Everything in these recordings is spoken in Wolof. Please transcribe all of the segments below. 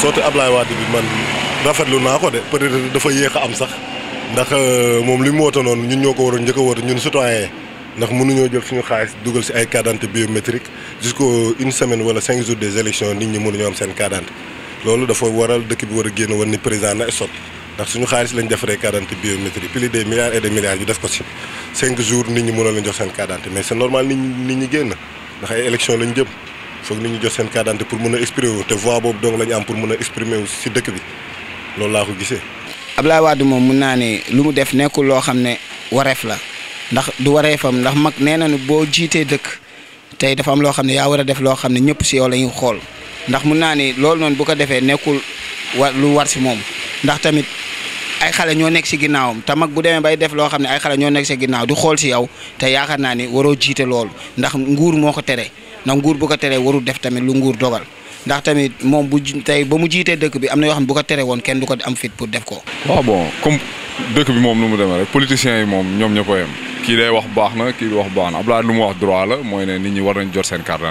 sotti Ablaye Wade bi man rafetlu naa ko de peut-être dafa yéex a am sax ndax euh, moom li mu woote noonu ñun ñoo ko war a njëkk a woote ñun citoyen ndax mënuñoo jël suñu xaalis dugal si ay carte d'identité biométrique jusqu'au une semaine wala cinq jours des élections nit ñi mënuñoo am seen carte d'identité loolu dafa waral dëkk bi war a génn woon ni président na sot ndax suñu xaalis lañ def rek d'identité biométrique plus des milliards et des milliards yu def ko si cinq jours nit ñi mënoo leen jox seen carte d'identité mais c'est normal nit ñi ñi génn ndax ay élections lañ jëm foog nit ñi jot seen carte d'identité pour mun a exprimer wu te voix boobu dong la ñu am pour mën a exprimer si dëkk bi loolu laa ko gisee. Abdoulaye Wade moom mun naa ne lu mu def nekkul loo xam ne wareef la ndax du wareefam ndax mag nee na ne boo jiitee dëkk tey dafa am loo xam ne yaa war a def loo xam ne ñëpp si yow lañuy xool ndax mun naa ne loolu noonu bu ko defee nekkul wa lu war si moom ndax tamit. ay xale ñoo nekk si ginnaawam te mag bu demee bay def loo xam ne ay xale ñoo nekk si ginnaaw du xool si yow te yaakaar naa ni waroo jiite loolu ndax nguur moo ko tere ndax nguur bu ko teree warul def tamit lu nguur dogal ndax tamit moom bu tey ba mu jiitee dëkk bi am na yoo xam ne bu ko teree woon kenn du ko am fit pour def ko. waaw bon comme dëkk bi moom nu mu demee rek politiciens yi moom ñoom ñoo ko yem kii day wax baax na kii wax baax na Abdoulaye lu mu wax droit la mooy ne nit ñi war nañ jot seen carte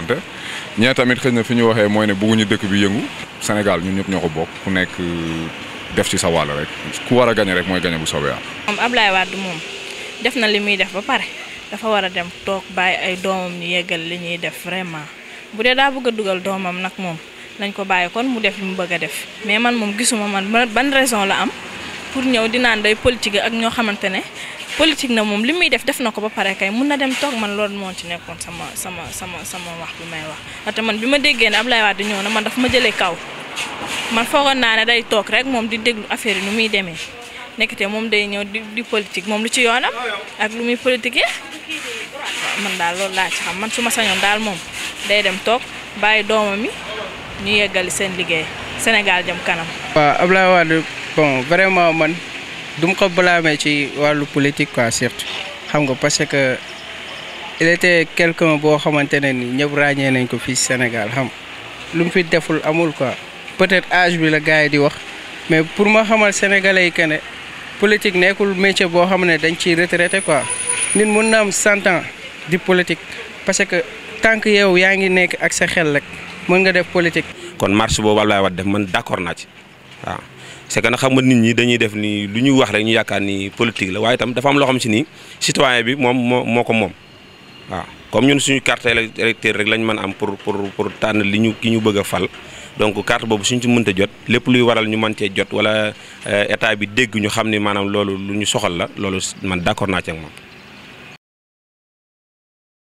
ñee tamit xëy na fi ñu waxee mooy ne bëgguñu dëkk bi yëngu Sénégal ñu ñëpp ñoo ko bokk ku nekk euh, def ci sa wàll rek ku war a gañe rek mooy gañe bu soobee am. moom Abdoulaye Wade moom def na li muy def ba pare. dafa war a dem toog bàyyi ay doomam ñu yeggal li ñuy def vraiment bu dee daa bëgg a dugal doomam nag moom nañ ko bàyyi kon mu def li mu bëgg a def mais man moom gisuma man ban raison la am pour ñëw di naan day politique ak ñoo xamante ne politique na moom li muy def def na ko ba pare kay mun na dem toog man loolu moo ci nekkoon sama sama sama sama wax bi may wax ndaxte man bi ma déggee ne Abdoulaye Wade ñëw na man dafa ma jëlee kaw man foogoon naa ne day toog rek moom di déglu affaire yi nu muy demee nekkte moom day ñëw di moom lu ci yoonam ak lu muy politique man daal lool laa ci xam man suma ma sañoon daal moom day dem toog bàyyi doomam mi ñu yeggali seen liggéey Sénégal jam kanam. waaw Abdoulaye Wade bon vraiment man du ma ko blâmer ci wàllu politique quoi surtout xam nga parce que il était quelqu'un boo xamante ne ni ñëpp ràññee nañ ko fii Sénégal xam lu mu fi deful amul quoi peut-être âge bi la gars yi di wax mais pour ma xamal sénégalais yi que ne politique nekkul métier boo xam ne dañ ci retraité quoi nit mun na am cent ans. di politique parce que tant que yow yaangi nek ak sa xel rek mën nga def politique. kon marche boobu Abdoulaye wad def man d'accord na ci wa c'est que na xam nga nit ñi dañuy def ni lu ñuy wax rek ñu yakkar ni politique la waye tam dafa am lo xam ci ni citoyen bi mom moko mom wa comme ñun suñu carte électeur rek lañ mën a am pour pour pour tan li ñu ki ñu bëgg fal donc carte bobu suñ ci mënta jot lepp luy waral ñu mën ci jot wala euh, état bi dégg ñu xam ni manam loolu lu ñu soxal la loolu man d'accord na ci ak